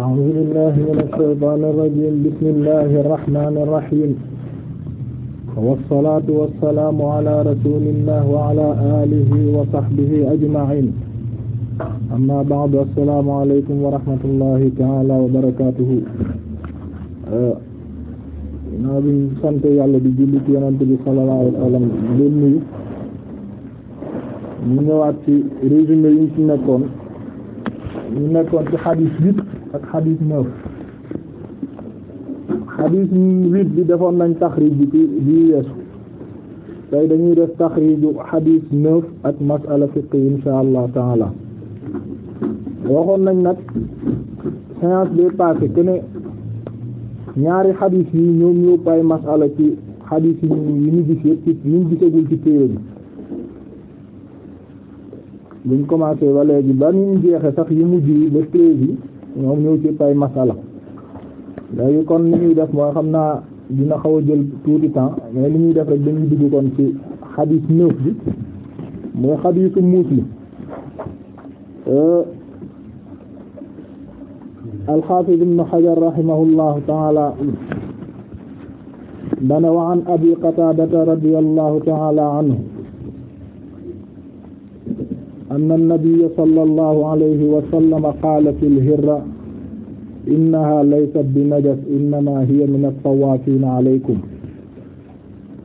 أعوذ بالله من الشيطان الرجيم بسم الله الرحمن الرحيم والصلاة والسلام على رسول الله وعلى آله وصحبه أجمعين أما بعد السلام عليكم ورحمة الله تعالى وبركاته naa bi sant yàlla di julli ci yonent bi sallallahu alayhi wa sallam leen nuyu ñu ñëwaat ci résumé yi ñu ci nekkoon ñu nekkoon ci xadiis bi ak xadiis neuf xadiis huit bi defoon nañ taxriij bi bi yeesu tey dañuy def taxriiju xadiis neuf ak masala fiqh insha allah taala waxoon nañ nag séance bi passé que ne ñaari xadiis yi ñoom ñoo pay masala ci xadiis yi ñu ñu gis yëpp yi ñu ci téere bi buñ commencé ba léegi ba ñu jeexe sax yi mujj yi ba treize yi ñoom ñoo ci ay masala léegi kon li ñuy def mooy xam naa dina xaw a jël tuuti temps mais li ñuy def rek dañuy dugg kon ci xadiis neuf bi mooy xadiisu muslim euh, alxaafid ibnu xajar rahimahullahu taala dana wa an abi qataadata radiyallahu taala anhu anna nabiyya sallallahu alayhi wa sallam qaala fi lhirra innaha laysat bi najas innama hiya min attawaafiina alaykum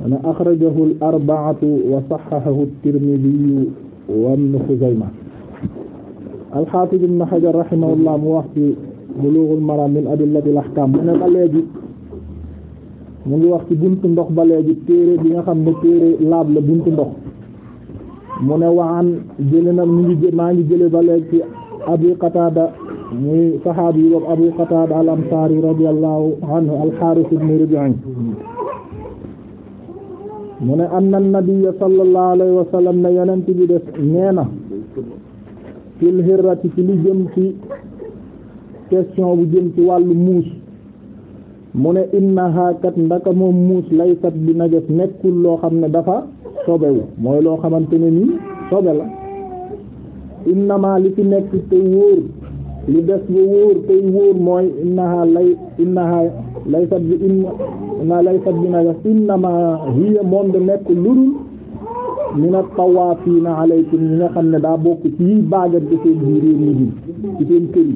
ana axrajahu al-arba'atu wa saxxahahu at-Tirmidhi wa ibnu Xuzayma al-Haafiz ibn Hajar rahimahullah mu wax ci Buluughul Maraam min adillatil ahkaam mu ne ba léegi mu ngi wax ci buntu ndox ba léegi téere bi nga xam ne téere laab la buntu ndox mu ne waan ngi maa ngi jële ba léegi ci Abu Qatada muy saxaabi yi boobu al Ansaari radiyallahu anhu al Haaris ibn mu ne anna nabiyya sallallahu alayhi wa sallam ne yonent bi def nee na fil hirrati ci li jëm ci question bu jëm ci wàllu muus mu ne innaha kat ndaka moom muus laysat bi najas nekkul loo xam ne dafa sobewu mooy loo xamante ne nii sobe la innama li ci nekk te wóor li des ba wóor tey wóor mooy innaha lay innaha laysat bi inna laysat bi najas innama hiya moom de nekk ludul mina tawaafiina alaykum ñi nga xam ne daa bokk ci yiy baagat seen biir nit ñi ci seen kër yi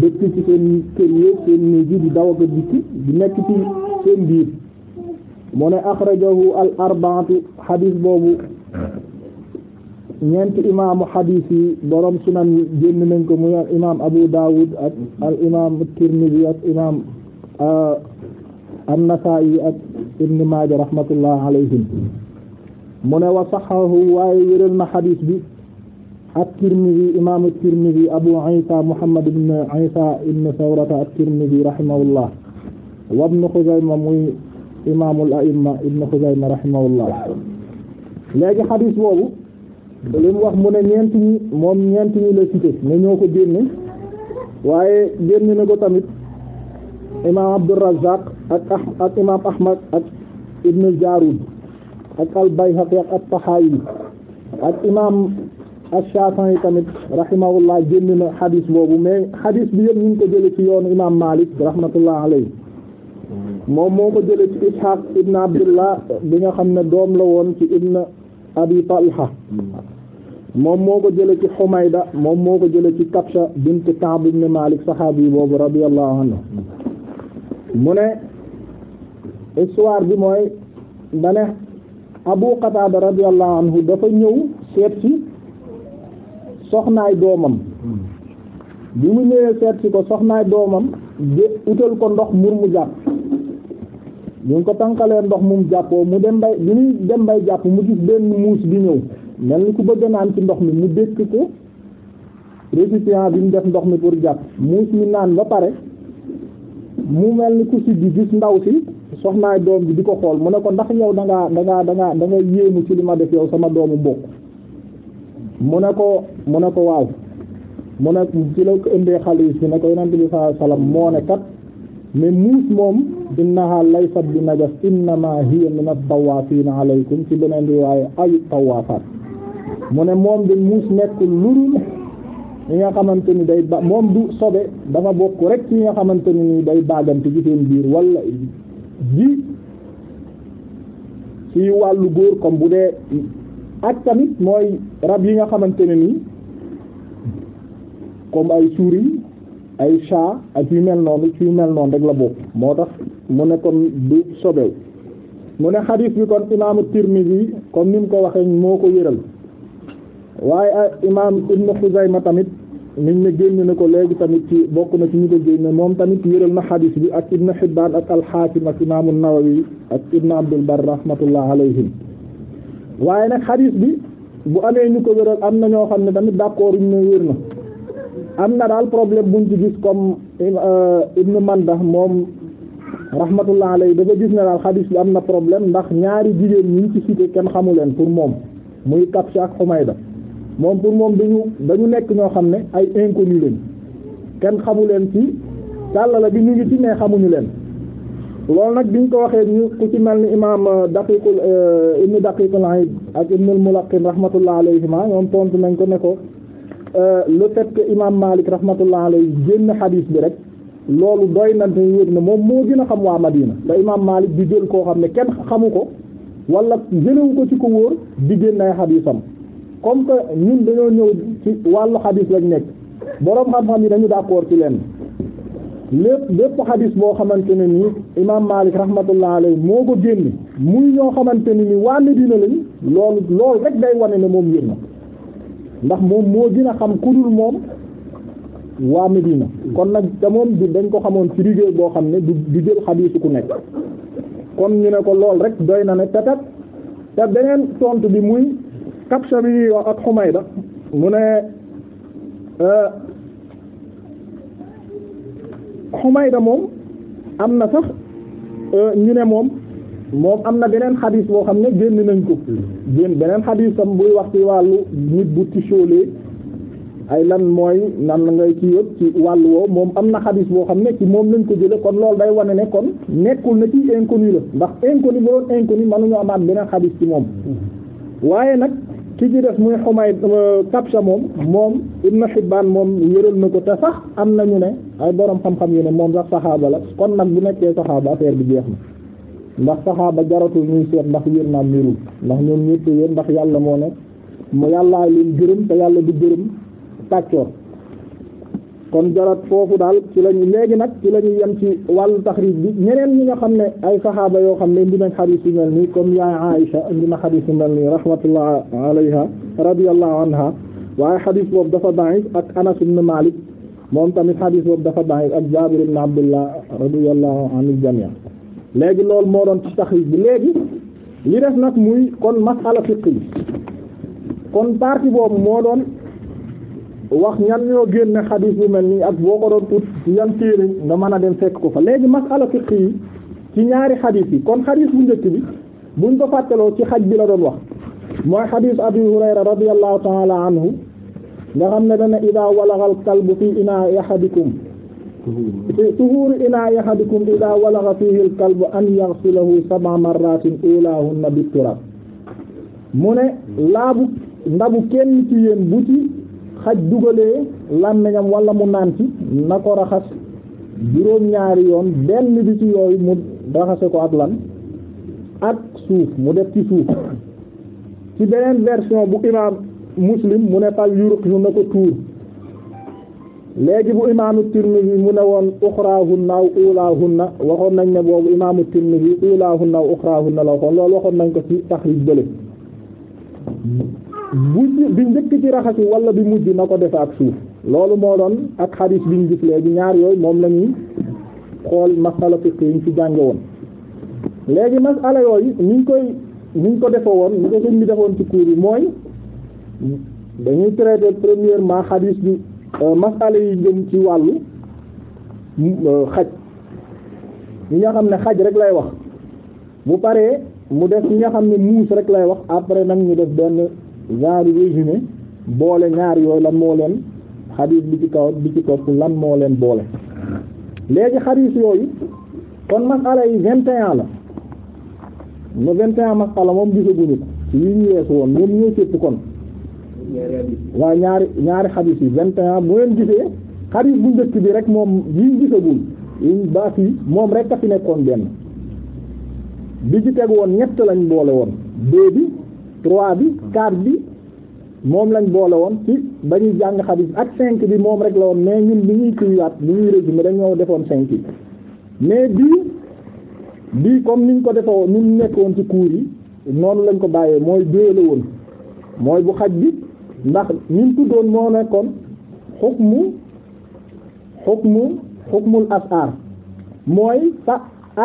dëkk ci seen kër yi seen néeg di daw ak dikk di nekk ci seen biir mu ne axrajahu al arbaatu xadiis boobu ñeenti imaamu xadiis yi borom sunan yi génn nañ ko muy al imaam Abu Dawud ak al imaam Tirmidi ak imaam euh, an-Nasaa'i ak Ibn Maaja rahmatullah alayhim mu ne wa saxahu waaye wéral na xadiis bi at-Tirmidhi imaamu at-Tirmidhi Abu Isa Muhammad ibn Isa ibn Sawrata at-Tirmidhi rahimahullah wa ibn Khuzaymah muy imaamul a'imma ibn Xuzayma rahimahullah léegi xadiis boobu li mu wax mu ne ñeent ñi moom ñeent ñi la cité ne ñoo ko génne waaye génne na ko tamit imaam Abdurrazzaq ak ak imaam Ahmad ak ibn Jaarud ak al-Bayhaqi ak at-Tahawi ak imaam ash-Shafi'i tamit rahimahullah génne na xadiis boobu mais xadiis bi yëpp ñu ko jële ci yoonu imaam Maalik rahmatullah alayhi moom moo ko jëlee ci Ishaq ibn Abdullah bi nga xam ne doom la woon ci ibn Abi Talha moom moo ko jëlee ci Humayda moom moo ko jële ci Kabsha bint Ka'b ibn Malik saxaabi yi boobu radiyallahu anhu mu ne histoire bi mooy dane Abu Qatada radiyallahu anhu dafa ñëw seet si soxnaay doomam bi mu ñëwee seet si ko soxnaay doomam de utal ko ndox mur mu jàpp ñu ngi ko tànqalee ndox mum jàppoo mu dem bay bi ñuy dem bay jàpp mu gis benn muus bi ñëw mel ni ku bëgg naan ci ndox mi mu dékk ko récipient bi mu def ndox mi pour jàpp muus mi naan ba pare mu mel ni ku si ji gis ndaw si soxnaay doom bi di ko xool mu ne ko ndax yow da ngaa da ngaa da ngaa yéemu ci li ma def yow sama doomu mbokk mu ne ko mu ne ko waaw mu ne ci la ko indee xale yi si ne ko yonent bi sallallahu alayhi moo ne kat mais muus moom innaha laysat bi najas innama hiya min at-tawafina alaykum ci beneen riwaaye ay tawafat mu ne moom di muus nekkul lurul yi nga xamante ni day ba moom du sobe dafa bokk rek ci nga xamante ni day baagante ci seen biir wala ji ci wàllu góor comme bu dee ak tamit mooy rab yi nga xamante ne nii comme ay souris ay chat ak yu mel noonu ci yu mel noonu rek la bokk moo tax mu ne kon du sobew mu ne xadiis bi kon imaamu Tirmidhi comme ni mu ko waxee moo ko yëral waaye imaam Ibnu Xuzayma tamit niñ ne génn na ko léegi tamit ci bokk na ci ñu ko génne moom tamit yëral na xadiis bi ak Ibnu Hibbaan ak al-Haakim ak imaamu Nawawi ak Ibnu Abdul Barr rahmatullah alayhim waaye nag xadiis bi bu amee ñu ko wéral am na ñoo xam ne tamit d'accord ñu ne wér na am na daal problème bu buñ ci gis comme euh, Ibn Manda moom rahmatullah alayhi dafa gis ne daal xadiis bi am na problème ndax ñaari jigéen ñu ci cité kenn xamu leen pour moom muy Kabsha ak Humayda moom pour moom dañu dañu nekk ñoo xam ne ay inconnu leen kenn xamu leen ci tàllala bi ñu xamuñu leen loolu nag biñ ko waxee ñu ku ci mel ni imaam euh, Daqiqul euh, Ibn Daqiqul Aid ak Ibn al-Mulaqqin rahmatullah alayhima ñoom tontu nañ ko ne ko. Euh, le fait que imam Malik rahmatullah alayhi génn xadiis bi rek loolu doy na moom moo gën a xam waa Madina da imam Malik di jël koo xam ne kenn xamu ko walla jëlewu ko ci ko wóor di génn ay xadiisam comme que ñun dañoo ñëw ci wàllu xadiis lañ nekk boroom xam-xam yi dañu d'accord ci leen lépp lépp xadiis boo xamante ne nii imaam Maalik rahmatullah alayhi moo ko génne muy ñoo xamante ne ni waa Medina lañ loolu loolu rek day wane ne moom yéen na ndax moom moo gën a xam ku dul moom waa Medina kon nag te moom du dañ ko xamoon ci liggéey boo xam ne du jël xadiisu ku nekk kon ñu ne ko lool rek doy na ne tatat te beneen tontu bi muy kapsa bi ñuy wax ak Xumayda mu ne euh, da moom am na sax euh, ñu ne moom moom am na beneen xadis boo xam ne génn nañ ko génn beneen xadisam buy wax ci wàllu nit bu sole ay lan mooy nan la ngay ci yëpp ci wàllu woowu moom am na xadis boo xam ne ki moom lañ ko jële kon loolu day wane nekkoon kon nekkul na ci inconnu la ndax inconnu boon inconnu mënuñu amaat beneen xadis ci moom waaye nag ki ci def muy xumay euh, sa moom moom Ibn Hibban moom yëral na ko te sax am nañu ne ay borom xam-xam yu ne moom sax saxaaba kon nag bu nekkee saxaaba affaire bi jeex na ndax saxaaba jaratul ñuy seet ndax wér naam wérul ndax ñoom ñëpp wér ndax yàlla moo ne mu yàllaa leen gërëm te yàlla du gërëm tàccoor kon jarat foofu daal ci lañu léegi nag ci la ñu ci wàllu taxriij bi ñeneen ñi nga xam ne ay saxaaba yoo xam ne indi nañ xadiis yu mel nii comme yaay Aïsha indi na xadiis yu mel nii rahmatullah alayha radiyallahu anha waaye xadiis boobu dafa da'if ak Anas ibn Malik moom tamit xadiis boobu dafa da'if ak Jaabir ibn Abdullah radiyallahu anil jamii léegi loolu moo doon ci yi bi léegi li def nag muy kon masala fiqh yi kon partie boobu moo doon wax ñan ñoo génne xadiis bu mel nii ak boo ko doon ut yan téere nga mën a dem fekk ko fa léegi masala fiqh yi ci ñaari xadiis yi kon xadiis bu njëkk bi buñ ko fàttaloo ci xaj bi la doon wax mooy xadiis abi hurayra radiyallahu ta'ala anhu nga xam ne dana idaa walaxal kalbu fi inaa ahadikum tuhuru inaa'i ahadikum idaa walagha fiihi al-kalbu an yaghsilahu sab'a marratin ulaahunna bit mu ne laabu ndabu kenn ci yéen bu ci xaj dugalee làmmiñam wala mu naan na ko raxas juróom-ñaari yoon benn bi ci yooyu mu raxase ko ak lan ak suuf mu def ci suuf ci beneen version bu imaam muslim mu ne fal yuruq na ko tuur léegi bu imaamu Tirmidhi mu ne woon uxraahunna aw ulaahunna waxoon nañ ne boobu imaamu Tirmidhi ulaahunna aw uxraahunna la waxoon loolu waxoon nañ ko ci taxrij bële bu bi njëkk ci raxasi wala bi mujj na ko defe ak suuf loolu moo doon ak xadiis biñ gis léegi ñaar yooyu moom lañuy xool masala fiq yi ñu ci jànge woon léegi masala yooyu ñu koy ñu ko defe woon ñu ko sëñ bi defoon ci cours yi mooy dañuy traiter premièrement xadiis bi Euh, masala yi jëm ci wàllu euh, xaj ñi nga xam ne xaj rek lay wax bu paree mu def ñi nga xam ne muus rek lay wax après nag ñu def benn genre résumé boole ñaar yooyu lan moo leen xadis bi ci kaw bi ci topp lan moo leen boole léegi xadis yooyu kon masala yi vingt et la no vingt et un masala moom gisaguñu ko ci yi ñu weesu woon ñoom ñoo cëpp kon waaw ñaari ñaari xadis yi vingt et un bu ngeen gisee xadis bu njëkk bi rek moom gi gisagul yiñ baa fii moom rek a fi nekkoon benn bi ci teg woon ñett lañ boole woon deux bi trois bi quatre bi moom lañ boole woon ci ba ñuy jàng xadis ak cinq bi moom rek la woon mais ñun bi ñuy kiiwaat bi ñuy résumé dañoo defoon cinq yi mais bii bii comme niñ ko defoo ni mu nekkoon ci cours yi noonu lañ ko bàyyee mooy deux la woon mooy bu xaj bi ndax ñun tuddoon moo nekkoon mu xukmu xukmul asar mooy sa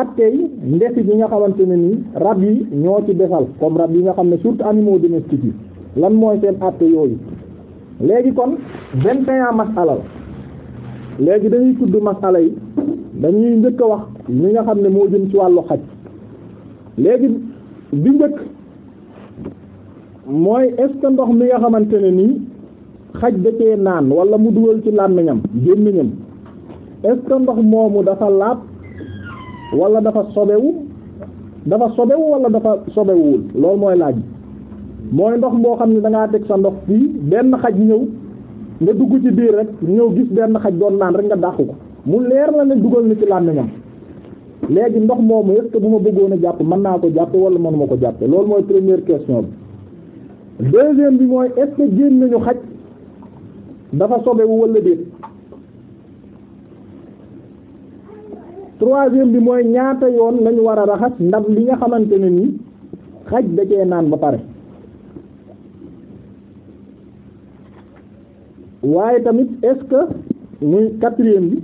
attey ndefi bi nga xamante ne nii rab yi ñoo ci defal comme rab yi nga xam ne surtout animaux domestiques yi lan mooy seen atte yooyu léegi kon vingt et un masala la léegi dañuy tudd masala yi dañuy njëkk a wax li nga xam ne moo jëm ci wàllu xaj léegi bi njëkk mooy est ndox mi nga xamante ne nii xaj da cee naan wala mu dugal ci làmmiñam gémmiñam est ndox moomu dafa laab wala dafa sobewu dafa sobewu wala dafa sobewuwul loolu mooy laaj mooy ndox boo xam ne dangaa teg sa ndox fii benn xaj ñëw nga dugg ci biir rek ñëw gis benn xaj doon naan rek nga dàqu ko mu leer na ne dugal ni ci làmmiñam léegi ndox moomu est ce que bu ma bëggoon a jàpp mën naa ko jàppe wala mënuma ko jàppe loolu mooy première question bi deuxième bi mooy est-ce que génn nañu xaj dafa sobewu walla déet bi mooy ñaata yoon lañu war a raxas ndab li nga xamante ne ni xaj da naan ba pare waaye tamit sq ce que muy quatrième bi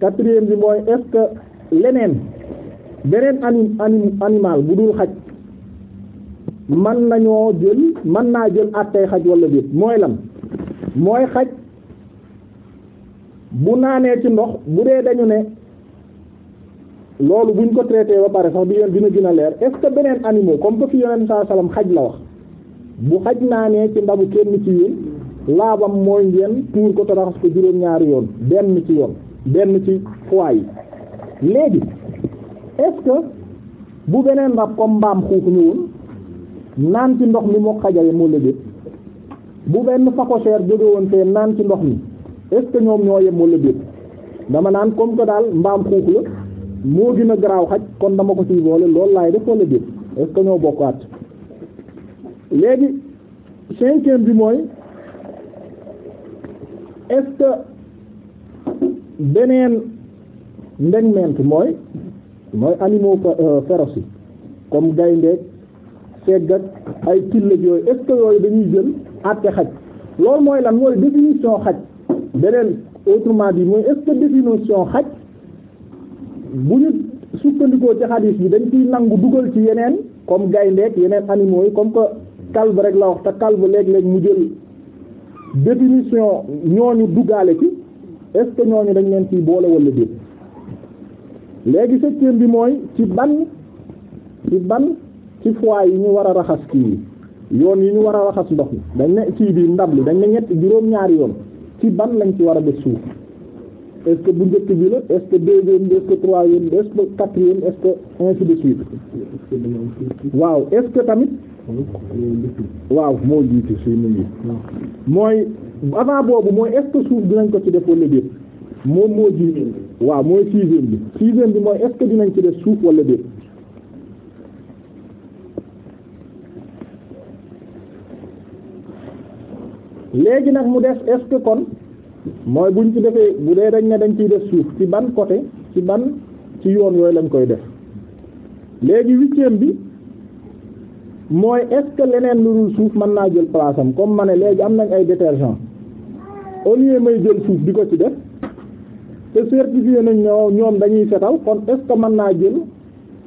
quatrième bi mooy est leneen beneen animal bu dul xaj man nañoo jël man naa jël àttey xaj wala déet mooy lan mooy xaj bu naanee ci ndox bu dee dañu ne loolu buñ ko traité ba pare sax bi yoon dina gën leer est-ce que beneen animaux comme que fi yonent saa xaj la wax bu xaj naanee ci ndabu kenn ci yéen laabam mooy ngeen tuur ko taraxas ko juróom-ñaari yoon benn ci yoon benn ci fois yi léegi est bu beneen rab comme mbaam xuux ñëwoon naan ci ndox mi moo xajale moo la déet bu benn phacochère jóge woon fee naan ci ndox mi est-ce que ñoom ñoo yem wala déet dama naan comme que daal mbaam xuux la moo gën a garaaw xaj kon dama ko ciy boole loolu laay def wala déet est-ce que ñoo léegi cinquième bi mooy est-ce beneen ndegmeent mooy mooy animaux euh, féroces comme gaynde segg ak ay killag yooyu est ce yooyu dañuy jël àtte xaj loolu mooy lan mooy définition xaj beneen autrement dit mooy est ce que définition xaj bu ñu sukkandikoo ci xadiis bi dañ ciy nangu dugal ci yeneen comme gayndeek yeneen animaux yi comme que kalb rek la wax te kalb léeg-léeg mu jël définition ñooñu duggaale ci est ce que ñooñu dañ leen ciy boole wala déet léegi septième bi mooy ci ban ci ban ci fois yi ñu war a raxas kii yi yoon yi ñu war a raxas ndox mi dañ ne kii bi ndab li dañ ne ñett juróom-ñaari yoon ci ban lañ ci war a def suuf est bu njëkk bi la est-ce que deuxième bi est-ce que troisième bi est-ce que suite waaw est-ce que tamit waaw moo si suñu ngi mooy avant boobu mooy est suuf dinañ ko ci def wala déet moom moo jiitu waaw mooy sixième bi sixième bi mooy est-ce que dinañ ci def suuf walla déet léegi nag mu def est-ce que kon mooy buñ ci defee bu dee dañ ne dañ ciy def suuf ci ban côté ci ban ci yoon yooyu lañ koy def léegi huitième bi mooy est leneen lu suuf mën naa jël place am comme ma ne léegi am nañ ay détergent au lieu may jël suuf di ko ci def te certifié nañ ñoo ñoom dañuy setal kon est-ce mën naa jël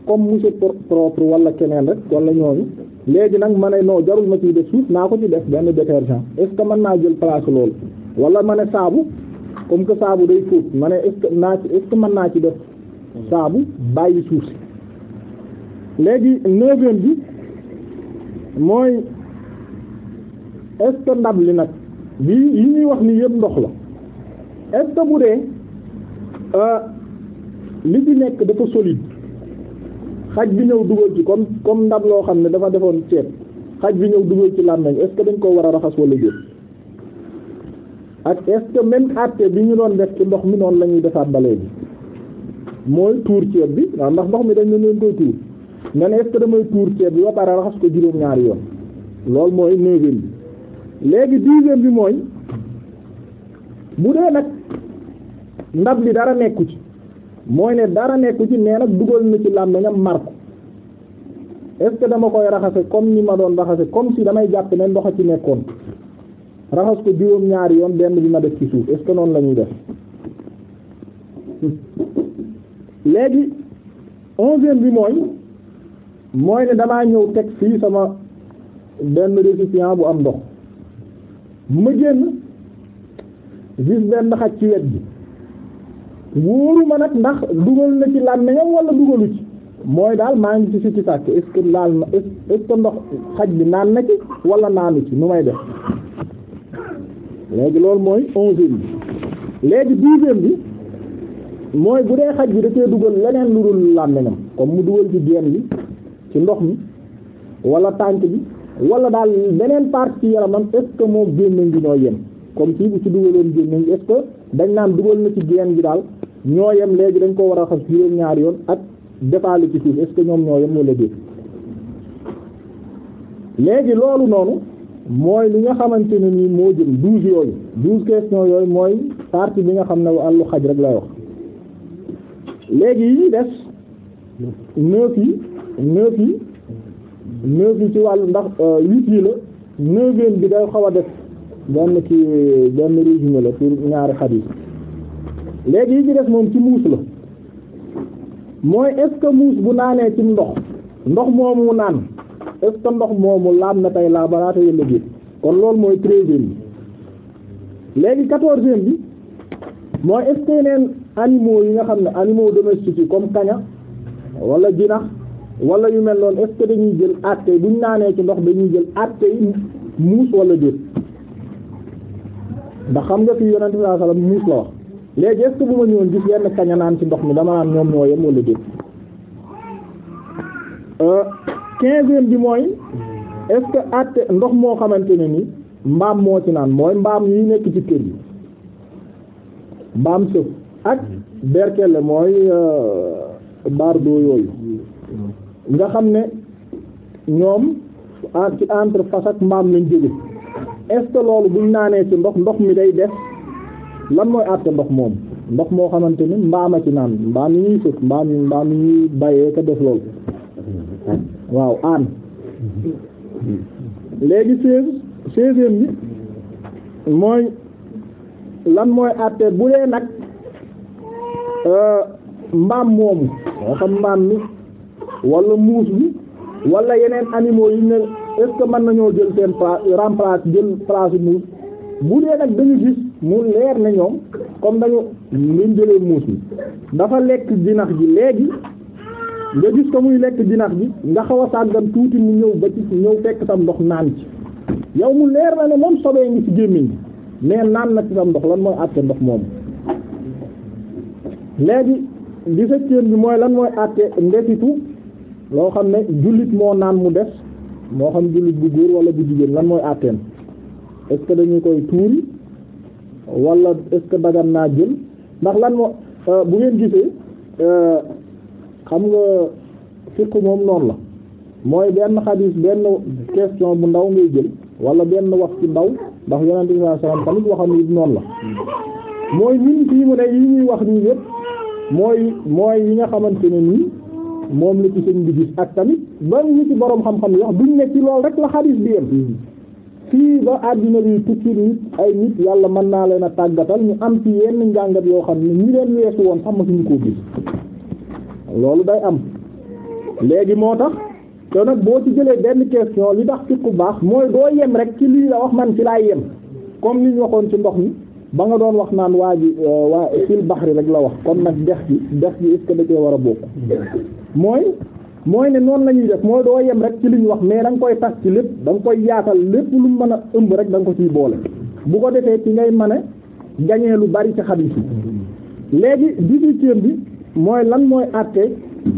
comme monsieur propre wala keneen rek wala yi léegi nag ma ne non jarul ma ci def suuf naa ko ci def benn détergent est-ce naa jël place loolu wala ma ne saabu comme que saabu day fóot ma ne est naa ci est naa ci def saabu bàyyi suuf si léegi neuvième bi mooy est ndab li nag bi yi ñuy wax ni yëpp ndox la est-ce que bu dee euh, li ci nekk dafa solide xaj bi ñëw dugal ci comme comme ndab loo xam ne dafa defoon ceeb xaj bi ñëw dugal ci làmmiñ est-ce dañ koo war a raxas wala déet ak est-ce àtte bi ñu doon def ci ndox mi noonu lañuy ñuy defaat balee bi mooy tuur ceeb bi ndax ndox mi dañ ne leen koy tuur nga ne est damay tuur ceeb bi ba pare raxas ko juróom-ñaari yoon loolu mooy neuvième bi léegi dixième bi mooy bu dee nag ndab li dara nekku ci mooy ne dara nekku ci neen nag dugal na ci làmmiñam mar ko dama koy raxase comme ni ma doon raxase comme si damay jàpp ne ndox a ci nekkoon raxas ko juróom ñaari yoon benn bi ma def ci suuf est-ce que noonu la ñuy def hmm. léegi onzième bi mooy mooy ne damaa ñëw teg fii sama benn récipient bu am ndox bu ma génn gis benn xaj ci wet bi wóoru ma nag ndax dugal na ci làmmiñam wala dugalu ci mooy daal maa ngi ci sikki sàkk est laal na est ndox xaj bi naan na ci wala naanu ci nu may def léegi loolu mooy onzième bi léegi douzième bi mooy bu dee xaj bi da cee dugal leneen lu dul làmmiñam comme mu dugal ci génn bi ci ndox mi wala tànk bi wala daal beneen partie ci yaramam est-ce que moom génn ngi ñoo yem comme si bu ci dugaloon génn ngi est dañ naan dugal na ci génn bi daal ñoo yem léegi dañ ko war a xas juróom-ñaari yoon ak defaale ci suuf est ñoom ñoo yem wala déet léegi loolu noonu mooy li nga xamante ne nii moo jëm douze yooyu douze questions yooyu mooy partie bi nga xam ne wàllu xaj rek lay wax léegi yi ñuy des neuf yi neuf yi neuf yi ci wàllu ndax euh, huit yi la neuvième bi day xaw a def benn ci benn résumé la pour ñaari xadiis léegi yi ci des moom ci muus la mooy est muus bu naanee ci ndox ndox moomu naan est-ce que ndox moomu laab na tey laabalaata yëlla gi kon loolu mooy treizième bi léegi quatorzième bi mooy est-ce que yeneen yi nga xam ne animaux domestiques yi comme kaña wala jinax wala yu mel noonu est-ce que dañuy jël àtte bu ñu naanee ci ndox dañuy jël àtte yi muus wala déet ndax xam nga fi yonente sallallahu alayhi wasallam muus la wax léegi est-ce bu ma ñëwoon gis yenn kaña naan ci ndox mi dama naan ñoom ñoo yem wala déet euh, quinzième bi mooy est-ce que at ndox moo xamante ne ni mbaam moo ci naan mooy mbaam yi nekk ci kër yi mbaam sëf ak berkele mooy euh, bardo yooyu nga xam ne ñoom ci entre fas mbaam lañ jóge est-ce que loolu buñ naanee ci ndox ndox mi day def lan mooy àtte ndox moom ndox moo xamante ni mbaam a ci naan mbaam yi ñuy sëf mbaam mbaam yi ñuy bayee ka def loolu waaw aan léegi seize seizième mooy lan mooy àtte bu dee nag euh, mbaam moomu moo xam mbaam mi wala muus bi wala yeneen animaux yi ne est-ce que mën nañoo jël seen place remplace jël place muus mu dee nag dañu gis mu leer na ñoom comme dañu luñ jëlee muus mi dafa lekk dinax ji léegi nga gis ko muy lekk dinax ji nga xaw a sàggan tuuti mu ñëw ba ci ñëw fekk sam ndox naan ci yow mu leer na ne moom sobee ngi ci gémmiñ gi mais naan na ci sam ndox lan mooy àtte ndox moomu léegi dix-septième bi mooy lan mooy àtte ndesitu loo xam ne jullit moo naan mu des moo xam jullit bu góor wala bu jigéen lan mooy àtteem est-ce dañu koy tuuri wala est-ce que dagan naa jël ndax lan moo euh, bu ngeen gisee euh, xam nga fiqh moom noonu la mooy benn xadis benn question bu ndaw ngay jël wala benn wax ci ndaw ndax yonent bi sallallahu alayhi wasallam la mooy fii mu ne yi ñuy wax nii yëpp mooy mooy yi nga xamante ne nii moom la ci sëñ bi gis ak tamit ban ñu ci boroom xam-xam yi wax duñ nekk ci lool rek la xadis bi yem fii ba àdduna bi tukki nit ay nit yàlla mën naa leen a tàggatal ñu am ci yenn njàngat yoo xam ne ñu leen weesu woon sax masuñu koo gis loolu day am léegi moo tax te nag boo ci jëlee benn question li tax ku baax mooy doo yem rek ci lii la wax man ci laay yem comme li ñu waxoon ci ndox mi ba nga doon wax naan waa ji waa fil baxri rek la wax kon nag dex gi dex gi est-ce war a bokk mooy mooy ne noonu la ñuy def mooy doo yem rek ci li ñu wax mais da koy tas ci lépp da koy yaatal lépp lu mën a ëmb rek da ko ciy boole bu ko defee ci ngay mën a gañee lu bari ci xadiis yi léegi dix bi mooy lan mooy àtte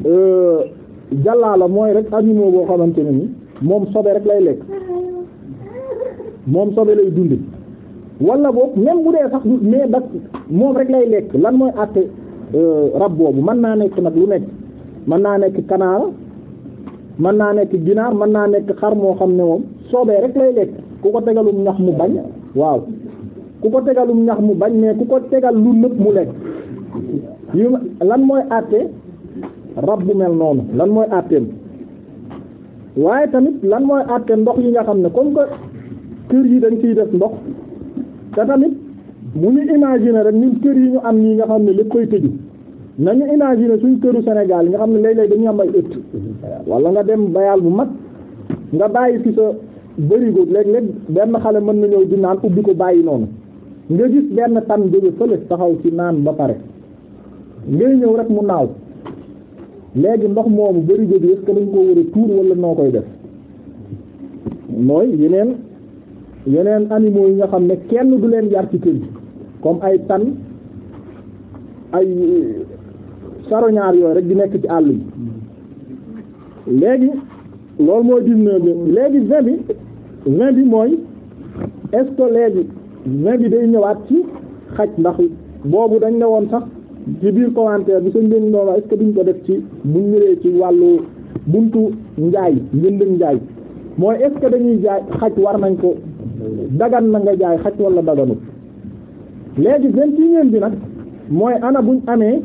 euh, jàllaala mooy rek animaux boo xamante ne ni moom sobe rek lay lekk moom sobe lay dundi wala boog même bu dee sax mais dak moom rek lay lekk lan mooy àtte euh, rab boobu mën naa nekk nag lu nekk mën naa nekk kanaara mën naa nekk ginaar mën naa nekk xar moo xam ne moom soobee rek lay lekk ku ko tegalum ñax mu bañ waaw ku ko tegalum ñax mu bañ mais ku ko tegal lu nëb mu lekk yu lan mooy àtte rab bu mel noonu lan mooy àtteem waaye tamit lan mooy àtte ndox yi nga xam ne kon que kër yi dañ ciy def ndox te tamit mu ñu imaginer rek kër yi ñu am ñi nga xam ne lépp koy tëju nañu imaginer suñ këru senegal yi nga xam ne léeg-léeg dañu am ay ëtt wala nga dem bayal bu mag nga bàyyi fi sa bërigo léeg-léeg benn xale mën na ñëw di naan ubbi ko bàyyi noonu nga gis benn tan jóge fële taxaw ci naan ba pare ngay ñëw rek mu naaw léegi ndox moomu bërigo bi est-ce que dañ ko war tuur wala noo koy def mooy yeneen yeneen animaux yi nga xam ne kenn du leen yar ci kër comme ay tan ay saroñaar yooyu rek di nekk ci àll bi léegi loolu mooy dix-neuf léegi vingt bi vingt bi mooy est-ce que léegi vingt bi day ñëwaat ci xaj ndax boobu dañ ne woon sax ci biir commentaire bi suñ leen doon est-ce que ko def ci bu ñëwee ci wàllu buntu njaay njënd njaay mooy est-ce que dañuy jaay xaj war nañ ko dagan na nga jaay xaj wala daganut léegi vingt et unième bi nag mooy ana buñ amee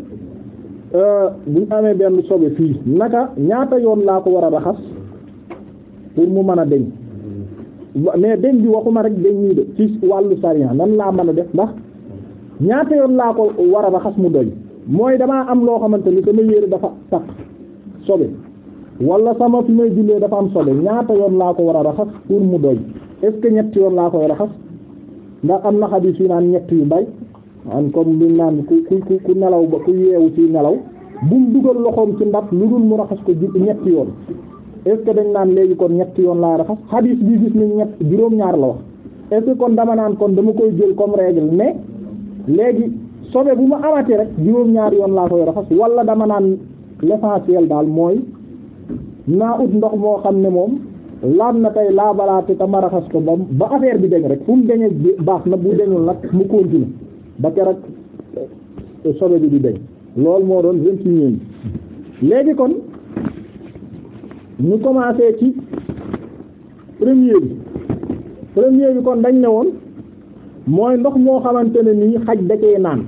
Euh, bu ñu amee benn sobe fii naka ñaata yoon laa ko war a raxas pour mu mën a deñ mais deñ bi waxuma rek deñ nii de ci wàllu sariya nan laa man a def ndax ñaata yoon laa ko war a raxas mu doy mooy damaa am loo xamante ni sama yére dafa takk sobe wala sama fi may jullee dafa am sobe ñaata yoon laa ko war a raxas pour mu doy est-ce yoon laa koy raxas ndax am na xadiis yu naan ñett yu bay an comme bi naan ku ku ku nelaw ba ku yeewu ci nelaw bum dugal loxoom ci ndab lu dul mu raxas ko ñetti yoon est dañ naan léegi kon ñetti yoon laa raxas xadiis bi gis nañ ñett juróom-ñaar la wax est kon dama naan kon dama koy jël comme règle mais léegi sobe bu ma amatee rek juróom-ñaar yoon laa koy raxas wala dama naan l'essentiel daal mooy naa ut ndox moo xam ne moom laab na tey laabalaate te ma raxas ko ba ba affaire bi deñ rek fu mu deñee baax na bu deñul nag mu continue ba keroog eh, sobe bi di deñ loolu moo doon vingt et un léegi kon ñu commencé ci premier bi premier bi kon dañ ne woon mooy ndox moo xamante ne nii xaj da naan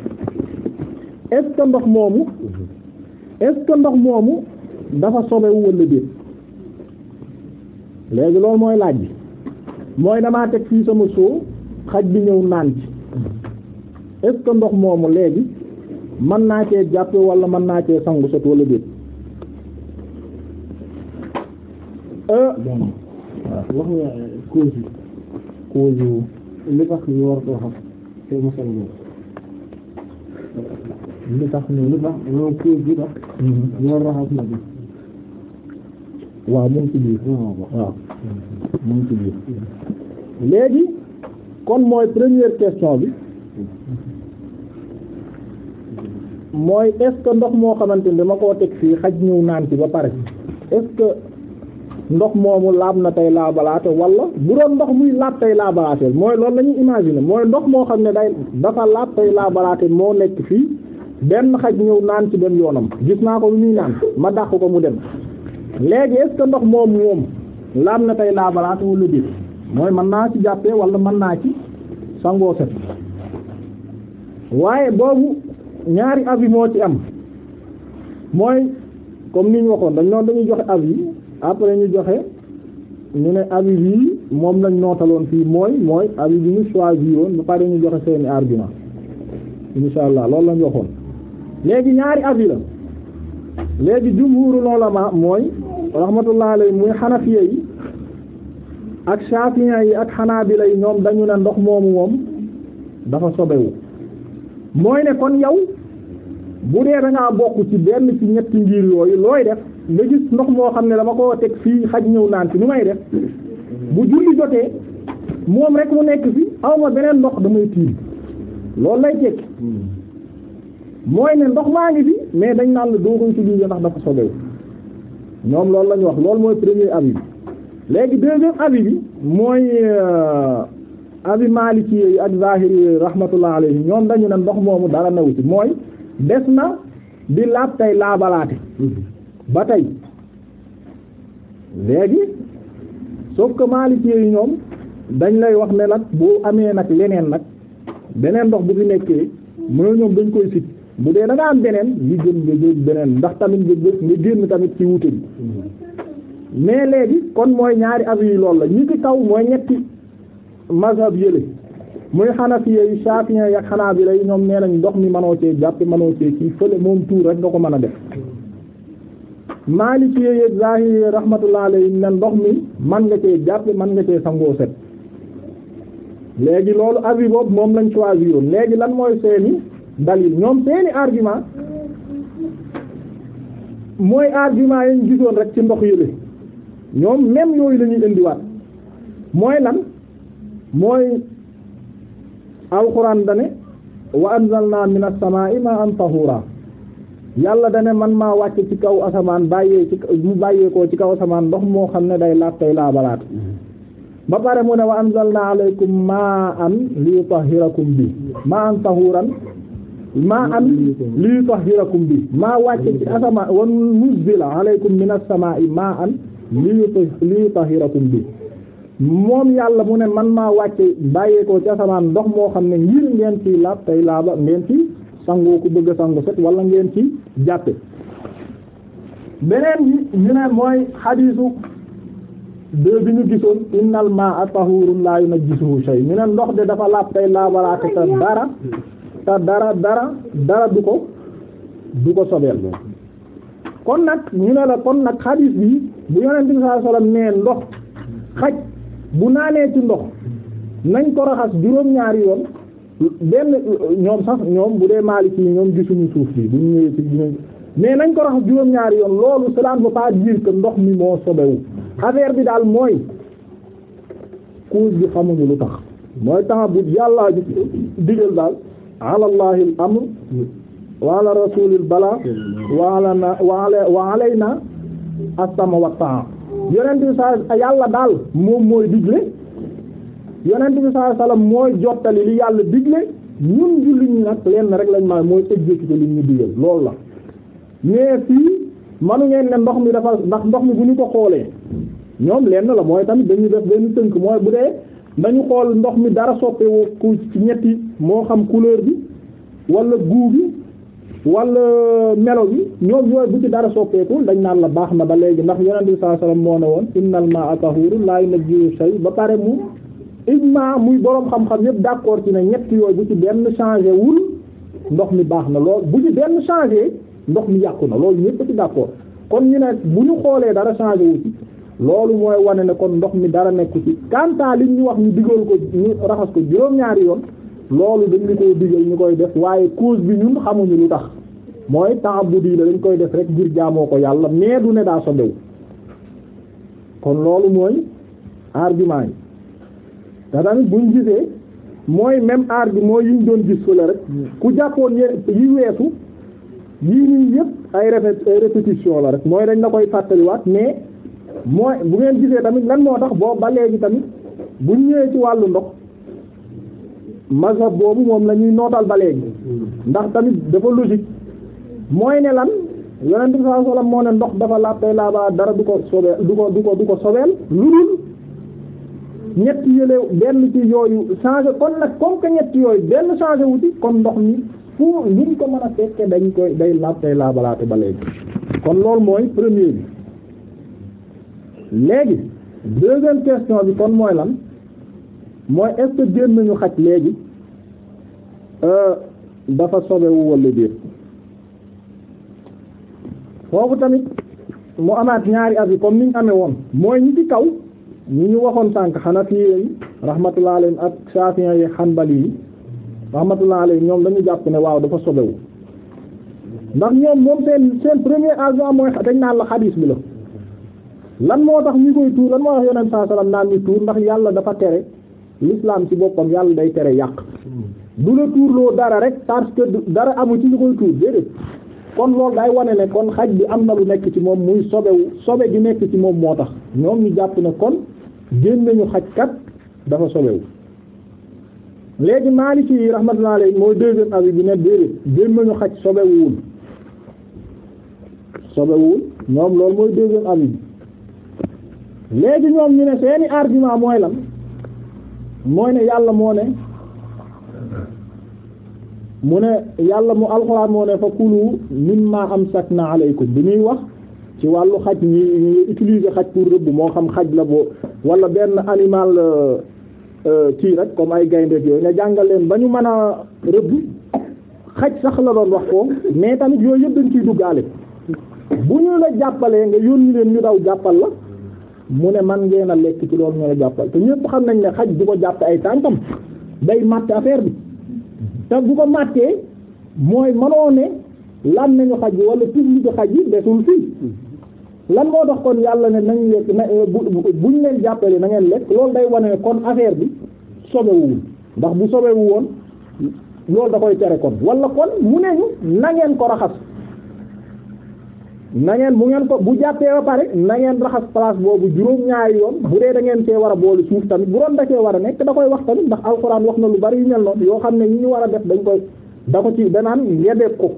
est ndox moomu est ndox moomu dafa sobewu walla déet léegi lool mooy laaj bi mooy damaa teg fii sama soow xaj bi ñëw naan ci est ce que ndox moomu léegi mën naa cee jàpp wala mën naa cee sangu set wala déet euh, wax nga cause yi cause yu li tax ñu war koo xam te mosal boobu li tax ñu li tax ñoom cause bi tax ñu war a xam na bi waaw mu ngi ci biir waaw mu ngi ci biir léegi kon mooy première question bi mooy est-ce que ndox moo xamante ni ma koo teg fii xaj ñëw naan ci ba pare est-ce que ndox moomu laab na tey laabalaate wala bu doon ndox muy laab tey laabalaate mooy loolu la ñuy mooy ndox moo xam ne day dafa laab tey laabalaate moo nekk fii benn xaj ñëw naan ci dem yoonam gis naa ko lu muy naan ma dàq ko mu dem léegi est ndox moom moom laab na tey laabalaate wala déet mooy mën naa ci jàppee wala mën naa ci sangoo set waaye boobu ñaari avis moo ci am mooy comme ni ñu waxoon dañ noon dañuy joxe avis après ñu joxe ñu ne avis bi moom lañ nootaloon fii mooy mooy avis bi ñu choisir woon ba pare ñu joxe seeni argument insha allah loolu lañ waxoon léegi ñaari avis la léegi jumhurul ulama mooy rahmatullah alayhi muy xanafiya yi ak shafiya yi ak xanaa xanaabila yi ñoom dañu ne ndox moomu moom dafa sobewu mooy ne kon yow bu dee da ngaa bokk ci benn ci ñetti ngir yooyu looy def nga ndox moo xam ne dama ko teg fii xaj ñëw naan ci nu may def bu julli jotee moom rek mu nekk fi aw ma beneen ndox damay tiim loolu lay tekki mooy ne ndox maa ngi fi mais dañ naan la doo koy utilisé ndax dafa sobewu ñoom loolu la ñu wax loolu mooy premier avis léegi deuxième avis bi mooy. Euh, avis maliki yooyu ak zahiri yooyu rahmatullah alayhi ñoom dañu ne ndox moomu dala nawu ci mooy des na di laab tey laabalaate mm-hmm. ba tey léegi sauf que maliki yooyu ñoom dañ lay wax ne nag boo amee nag leneen nag beneen ndox bu fi nekkee mënoo ñoom dañ koy sit bu dee da am beneen li gën beneen ndax tamit nga gës nga génn tamit ci wuute bi mm-hmm. léegi kon mooy ñaari avis yi lool la ñi ci kaw mooy ñetti mazhab yële muy xanafiya yi shafiya yi ak xanaabila yi ñoom nee nañ ndox mi manoo cee jàppe manoo cee kii fële moom tuur rek nga ko mën a def maalikiya yi zahiri yi rahmatullah alayhi ne ndox mi man nga cee jàppe man nga cee sangoo set léegi loolu avis boobu moom lañ choisir woon léegi lan mooy seeni dalil ñoom seeni argument mooy argument yañ gisoon rek ci ndox yële ñoom même yooyu lañuy ñuy indiwaat mooy lan mooy alxuraan dane wa anzalna minas samaa'i ma'an tahura yàlla dane man maa wàcce ci kaw asamaan bàyyee ci mu bàyyeekoo ci kaw asamaan ndox moo xam ne day laat tey laabalaat ba pare mu ne wa anzalna alaykum ma'an liyutahhirakum bi ma'an tahuran ma'an liyutahhirakum bi maa wàcce ci asamaan wa nuzzila alaykum minas samaa'i ma'an liyutahhirakum bi moom yàlla mu ne man maa wàcce bàyyeekoo ca samaan ndox moo xam ne ngir ngeen ci laab tey laaba ngeen ci sangoo ku bëgg sangu set wala ngeen ci jàppe beneen bi ñu ne mooy xadiisu de bi ñu gisoon innal maa tahurun la yunajjisuhu shay ñu ne ndox de dafa laab tey laabalaate te dara te dara dara dara du ko du ko sobeel kon nag ñu ne la kon nag xadiis bi bu yonent bi sallallahu alayhi ndox xaj bu naanee ci ndox nañ ko raxas juróom-ñaari yoon benn ñoom sax ñoom bu dee Maliki yi ñoom gisuñu suuf bi bu ñu ñëwee ci mais nañ ko raxas juróom-ñaari yoon loolu cela ne veut pas dire que ndox mi moo sobewu affaire bi daal mooy cause bi xamuñu lu tax mooy tax yàlla yàllaa ji digal daal alallahi al amr wa ala rasulil bala wa ala wa alayna as-sama wa ta'a yeneen bi saa yàlla daal moom mooy digle yeneen bi saa salaam mooy jottali li yàlla digle ñun jullit ñi nag lenn rek lañ ma mooy exécuter li ñu digal loolu la mais fii manu ngeen ne ndox mi dafa ndax ndox mi bu ñu ko xoolee ñoom lenn la mooy tamit dañuy def benn tënk mooy bu dee dañu xool ndox mi dara soppeeku ci ñetti moo xam couleur bi wala goût bi wala melo bi ñoom yooyu bu ci dara soppeekul dañ naan la baax na ba léegi ndax yonent bi sallallahu alayhi wasallam moo ne woon innal ma'a tahuru la yunjihu shay ba pare mu ijma muy boroom xam-xam yëpp d'accord ci ne ñett yooy bu ci benn changé wul ndox mi baax na lool bu ci benn changé ndox mi yàqu na loolu ñëpp ci d'accord kon ñu ne bu ñu xoolee dara changé ci loolu mooy wane ne kon ndox mi dara nekku ci quant à li ñu wax ñu digal ko ñu raxas ko juróom-ñaari yoon loolu dañu koo digal ñu koy def waaye cause bi ñun xamuñu lu tax mooy ta'abbudi la dañ koy def rek ngir jaamoo ko yàlla mais du ne daa sobewu kon loolu mooy argument yi te tamit buñ gisee mooy même argument yi ñu doon gis fële rek ku jàppoon yi weesu yii nii yëpp ay répé répétition la rek mooy dañ la koy fàttaliwaat mais mooy bu ngeen gisee tamit lan moo tax boo ba léegi tamit buñ ñëwee ci wàllu ndox mazhab boobu moom la ñuy nootal ba léegi mm. ndax tamit dafa logique mooy ne lan yonent bi sallallahu alayhi wasallam moo ndox dafa laab tey dara du ko sobeel du ko du ko du ko sobeel lu dul ñett yële benn ci yooyu changé kon nag yooyu benn changé wuti kon ndox mi fu ñu ko mën a fekke dañ koy day laab tey laabalaate ba léegi kon loolu mooy premier bi léegi deuxième question kon mooy lan mooy est-ce nañu xaj léegi euh, dafa sobewu walla déet foofu tamit mu amaat ñaari yi comme niñ amee woon mooy ñi ci kaw ñu ñu waxoon sànk Hanafi yi rahmatullah alayhim ak Shafi'i yi Hanbali yi rahmatullah alayhim ñoom dañu jàpp ne waaw dafa sobewu ndax ñoom moom seen seen premier argument mooy dañ naan la xadiis bi la lan moo tax ñu koy tuur lan moo tax yonent sallallahu alayhi naan ñu tuur ndax yàlla dafa tere l'islam ci boppam yàlla day tere yàq du la tuurloo dara rek parce que dara amu ci ñu koy tuur déedéet kon loolu day wane ne kon xaj bi am na lu nekk ci moom muy sobewu sobe gi nekk moom moo tax ñoom ñu jàpp ne kon génn nañu xajkat dafa sobewu léegi Maliki yi rahmatullah alayhi mooy deuxième avis bi ne déedéet génn nañu xaj sobewuwul sobewuwul ñoom loolu mooy deuxième avis bi léegi ñoom ñu ne seeni argument mooy lan mooy ne yàlla moo ne mu ne yàlla mu alxuraan moo ne fa kulu mimma amsakna alaykum bi ñuy wax ci wàllu xaj ñi ñuy utiliser xaj pour rëbb moo xam xaj la boo wala benn animal euh, euh, kii rek comme ay gaynde yooyu nga jàngal leen ba ñu mën a rëbb xaj sax la doon wax ko mais tamit yooyu yëpp dañ ciy duggaale bu ñu la jàppalee nga yónni leen ñu daw jàppal la mu ne man ngeen a lekk ci loolu ñu la jàppal te ñëpp xam nañ ne xaj du ko jàpp ay tànkam day matt affaire bi te bu ko màttee mooy mënoo ne nañu xaj yi wala tuuti ko xaj yi desul fii lan moo tax kon yàlla ne nañu lekk eh, bu buñ leen jàppale na ngeen lekk loolu day wane kon affaire bi sobewul ndax bu sobewu woon loolu da koy tere kon walla kon mu ne ñu nangeen ko raxas. na ngeen bu ngeen ko bu jàppee ba pare na ngeen raxas place boobu juróom-ñaari yoon bu dee da ngeen cee war a boole suuf tamit bu doon da war a nekk da koy wax tamit ndax alxuraan wax na lu bari yu mel noonu yoo xam ne ñu ñu war a def dañ koy da ko ci danaan ngedee ko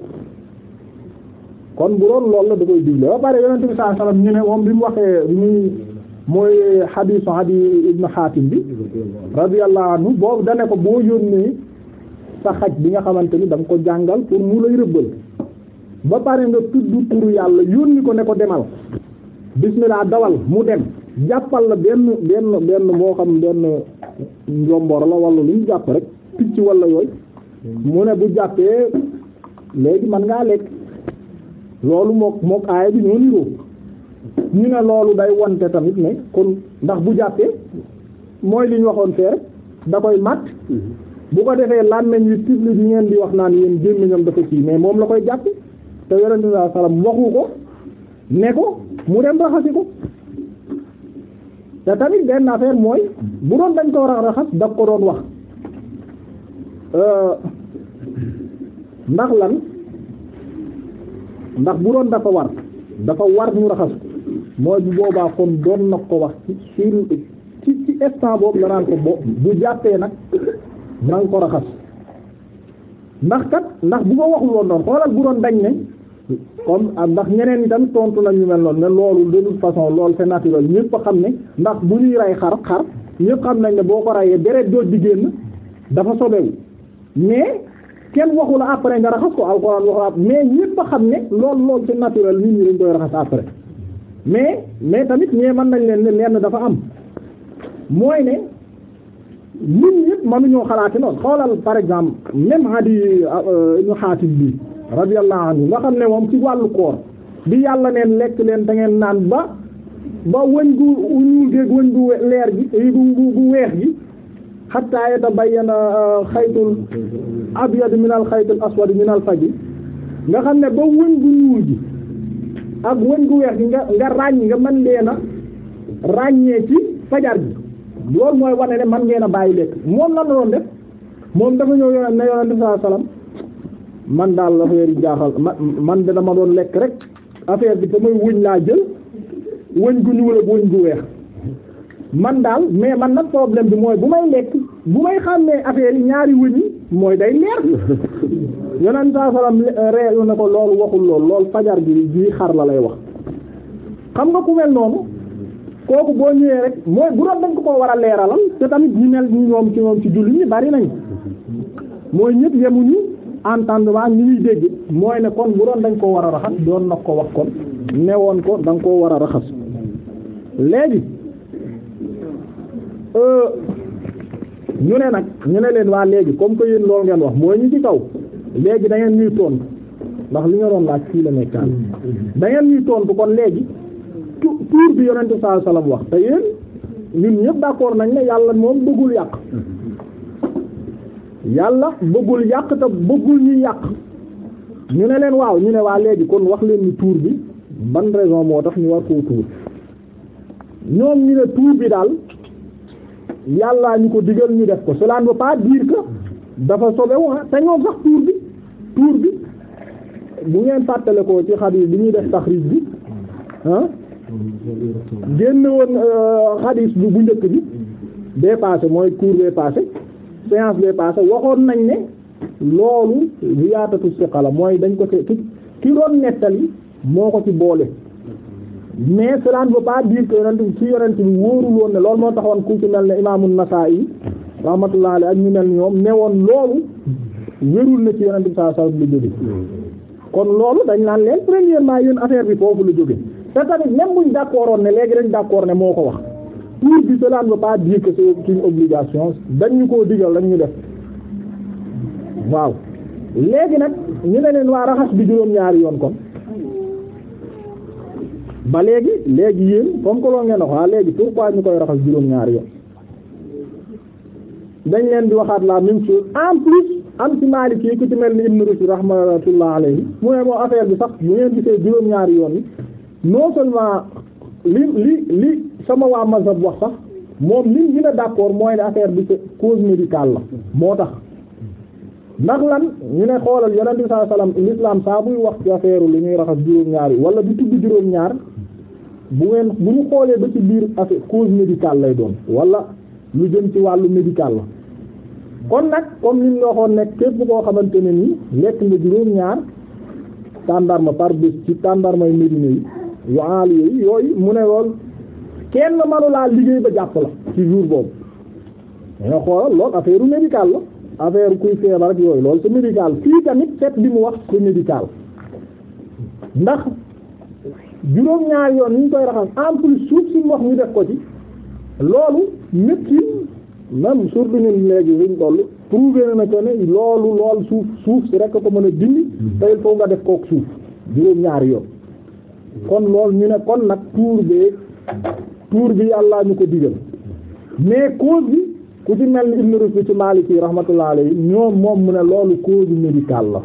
kon bu doon loolu la da koy digle ba pare yonent bi sallallahu alayhi wasallam ñu moom bi mu waxee ñuy mooy xadiisu Adi ibn Xaatim bi radiyallahu anhu boobu dane ko boo yónnee sa xaj bi nga xamante ni da ko jàngal pour mu lay rëbbal ba pare nga tudd turu yàlla yónni ko ne ko demal bismillah dawal mu dem jàppal la benn benn benn moo xam benn njomboor la wala lu jàpp rek picc walla yooyu mu ne bu jàppee léegi man ngaa lekk loolu mook mook aaya bi ñoo niroo ñu ne loolu day wonte tamit ne kon ndax bu jàppee mooy li ñu waxoon fee rek da koy mat mm-hmm. bu ko defee làmmeñ wi tibli bi ngeen di wax naan yéen gémmiñam dafa ci moom la koy jàppe te yonent bi sallallahu alayhi wasallam waxu ko ne ko mu dem raxasi ko te tamit benn affaire mooy bu doon dañ ko war a raxas da ko doon wax euh, ndax lan ndax bu doon dafa war dafa war ñu raxas ko mooy bu boobaa kon doon na ko wax ci ci instant boobu la ko bo bu jàppee nag na nga ko raxas ndax kat ndax bu ko waxul woon noonu xoolal bu doon dañ ne kon ndax ñeneen itam tontu nañu mel noonu ne loolu de toute façon loolu c'est naturel ñëpp xam ne ndax bu ñuy rey xar xar ñëpp xam nañ ne boo ko reyee deret doot di génn dafa sobewu mais kenn waxu la après nga raxas ko alxuraan waxu mais ñëpp xam ne lool loolu c'est naturel nit ñi dañ koy raxas après mais mais tamit ñee man nañ leen ne lenn dafa am mooy ne nit ñëpp mënuñoo xalaate noonu xoolal par exemple même hadi ñu euh, xaatim bii radiyallahu anhu nga xam ne moom ci wàllu koor bi yàlla neen lekk leen da ngeen naan ba ba wëñ gu ñuul leer gi gu gu weex gi xatta yatabayyana uh, xaytul abyad min al xaytul aswad min al fajr nga xam ne ba wëñ gu ñuul ak wëñ gu weex gi nga nga ràññ nga man leen a ràññee ci fajar gi loolu mooy wane ne man ngeen a bàyyi lekk moom lan la doon def moom dafa ñëw yonent ne yonent sallallahu alayhi man daal affaire yi jaaxal man man de dama lekk rek affaire bi damay wëñ laa jël wëñ gu ñuul ak wëñ gu weex man daal mais man nag problème bi mooy bu may lekk bu may xàmmee affaire yi ñaari wëñ yi mooy day leer yeneen saa na ko loolu waxul lool lool fajar gi jii xar la lay wax xam nga ku mel noonu kooku boo ñëwee rek mooy bu doon dañ ko koo war a leeralal te tamit ñu mel ñi ñoom ci ñoom ci julli ñi bari nañ mooy ñëpp yemuñu entendement ni ñuy dégg mooy ne kon bu doon dañ koo war a raxas doon na ko wax kon ne woon ko da koo war a raxas léegi euh, ñu ne nag ñu ne leen waa léegi comme que yéen loolu ngeen wax mooy ñu ci kaw léegi da ngeen ñuy tontu ndax li nga doon laaj fii la nekkaan dangeen ngeen ñuy tontu kon léegi tuur bi yonente sallallahu alayhi wasallam wax te yéen ñun ñëpp d'accord nañ ne yàlla moom bëggul yàq yàlla bëggul yàq te bëggul ñu yàq ñu ne leen waaw ñu ne waa léegi kon wax leen ni tuur bi ban raison moo tax ñu war koo tuur ñoom ñu ne tuur bi daal yàlla ñu ko digal ñu def ko cela ne veut pas dire que dafa sobewu ah, te ñoom sax tuur bi tuur bi bu ngeen fàttale ko ci xadiis bi ñuy def taxriij bi ah génn woon euh, xadiis bu bu njëkk bi bee passé mooy cours bee passé séance bee passé waxoon nañ ne loolu ziyaadatu siqa la mooy dañ ko ci ki ki doon nettali moo ko ci boole mais cela ne veut pas dire que yonent bi ci yonent bi wóorul woon ne loolu moo taxoon ku ci mel ne imaamu Nasaa'i rahmatullahi alayhi ak ñu mel ñoom ne woon loolu wérul na ci yonent bi sallallahu alayhi wasallam lu jóge kon loolu dañ naan leen premièrement yéen affaire bi foofu lu jóge te tamit même buñ d'accord woon ne léegi dañ d'accord ne moo ko wax cours bi cela ne veut pas dire que c'est une obligation dañ ñu koo digal dañ ñu def waaw léegi nag ñu ne leen waa raxas bi juróom-ñaari yoon kon ba léegi léegi yéen comme ko loo ngeen a waa léegi pourquoi ñu koy raxas juróom-ñaari yoon dañ leen di waxaat la même chose en plus am ci Maalik yi ku ci mel ni Ibn Rushd rahmatullah alayhi mu ne moo affaire bi sax bu ngeen gisee juróom-ñaari yoon yi non seulement li li li sama waa mazhab wax sax moom liñ gën a d'accord mooy ne affaire bi cause médicale la moo tax ndax lan ñu ne xoolal yonent bi sallallahu alayhi wasallam l'islam saa buy wax ci affaire li ñuy raxas juróom-ñaar yi wala di tudd juróom-ñaar bu ngeen bu ñu xoolee ba ci biir affaire cause médicale lay doon wala ñu jëm ci wàllu médical la kon nag comme liñ waxoon nekk képp koo xamante ne ni lekk nga juróom-ñaar tàndarma par bés ci tàndarmay médina yi yooyu mu ne lool kenn manu laa liggéey ba jàpp la ci jour boobu danga xoolal loolu affaire médical la affaire kuy feebar ak yooyu loolu c'est médical fii tamit seet bi mu wax c'est médical ndax juróom ñaari yoon ñu koy raxas en plus suuf si mu wax ñu def ko ci loolu médecine même surtout ñun léegi mu toll prouvé na ko loolu lool suuf suuf si rek ko mën a dindi te il faut nga def kook suuf juróom ñaari yoon kon loolu ñu ne kon nag tuur bee tuur bi yàllaa ñu ko digal mais cause bi ku ci mel ni Ibn Rushd ci Maliki rahmatullah alayhi ñoom moom mu ne loolu cause médicale la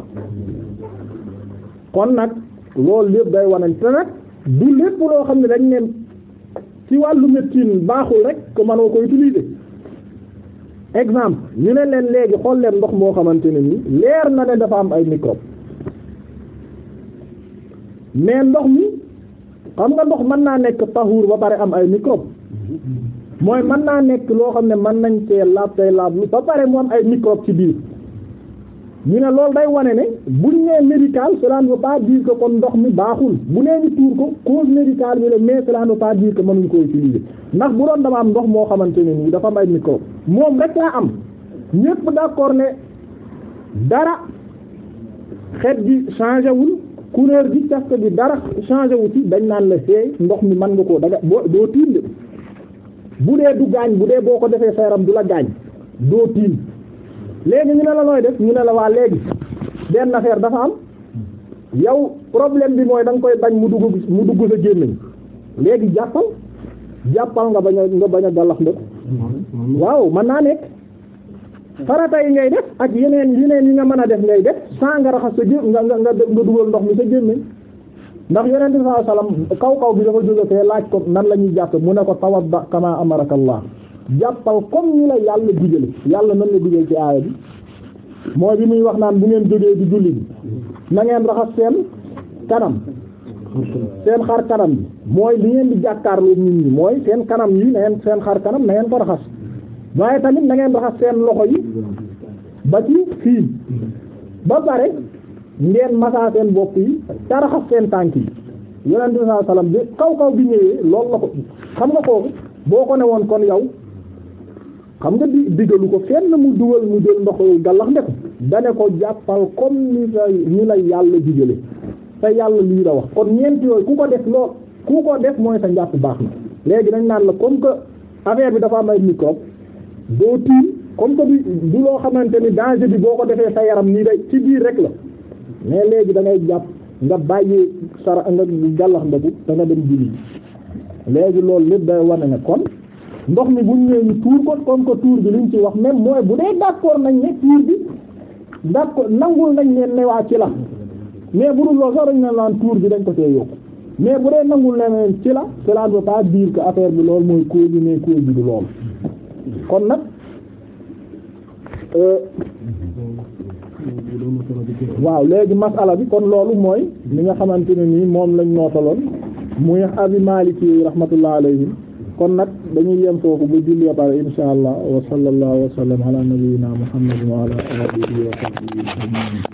kon nag loolu lépp day wane te nag du lépp loo xam ne dañ ne ci wàllu médecine baaxul rek ko mënoo ko utiliser exemple ñu ne leen léegi xool leen ndox moo xamante ne ni leer na ne dafa am ay microbe mais ndox mi xam nga ndox mën naa nekk taxuur ba pare am ay microbe mooy mën naa nekk loo xam ne mën nañ cee laab tey laab lu ba pare mu ay microbe ci biir ñu ne loolu day wane ne buñ nee médical cela ne veut pas dire kon ndox mi baaxul bu nee ñu tuur ko cause médicale bi la mais cela ne veut pas dire que mënuñ ko utiliser ndax bu doon dama am ndox moo xamante ne nii dafa am ay microbe moom rek laa am ñëpp d'accord ne dara xeet gi changé wul couleur bi casque bi dara changé wu ci dañ naan la seey ndox mi mën nga koo daga boo doo tiim de bu dee du gaañ bu dee boo ko defee sa du la gaañ doo tiim léegi ñu ne la nooy def ñu ne la waa léegi benn affaire dafa am yow problème bi mooy danga nga koy bañ mu dugg mu dugg sa gémmiñ léegi jàppal jàppal nga bañ nga bañ a gàllax ndëk waaw mën naa nekk farata yi ngay def ak yeneen yeneen yi nga mën a def ngay def saa nga raxas sa jë nga nga nga dugal ndox mi sa gémmiñ ndax yonent bi sallallahu alayhi kaw kaw bi dafa jóge fee laaj ko nan la ñuy jàpp mu ne ko ba kama amaraka Allah jàppal comme ni la yàlla digale yàlla nan la digal ci aaya bi mooy bi muy wax naan bu ngeen jógee di julli bi na ngeen raxas seen kanam seen xar kanam bi mooy li ngeen di jàkkaarloo nit ñi mooy seen kanam yi na seen xar kanam na ngeen ko raxas waaye tamit na ngeen raxas seen loxo yi ba ci fii ba pare ngeen masaa seen bopp yi te raxas seen tànk yi yonente saa salaam bi kaw kaw bi ñëwee loolu la ko xam nga kooku boo ko ne woon kon yow xam nga di digalu ko fenn mu dugal mu jël ndox gàllax nde ko dane ko jàppal comme ni la ni la yàlla digale te yàlla lii la wax kon ñeent yooyu ku ko def lool ku ko def mooy sa njàpp baax na léegi dañ naan la comme que affaire bi dafa am ay microbe doo tiim comme que du du loo xamante ni danger bi boo ko defee sa yaram nii day ci biir rek la mais léegi da ngay jàpp nga bàyyi sara nga jàllax ndagu da nga dem julli léegi loolu lépp day na ne kon ndox mi bu ñëwee ñu tuur ko comme que tuur bi liñ ci wax même mooy bu dee d'accord nañ ne tuur bi d'accord nangul nañ ne waa ci la mais bu dul loolu sax dañ ne laan tuur bi dañ ko see yokk mais bu dee nangul ne leen ci la cela ne veut pas dire affaire bi loolu mooy cause bi mais cause bi du loolu kon nag euh, waaw léegi masala bi kon loolu mooy li nga xamante ne nii moom lañ nootaloon muy abi maliki yi rahmatullah alayhim kon nag dañuy yem foofu bu julli pare insha allah wa sallallahu wa sallam ala nabiyyina muhammadin wa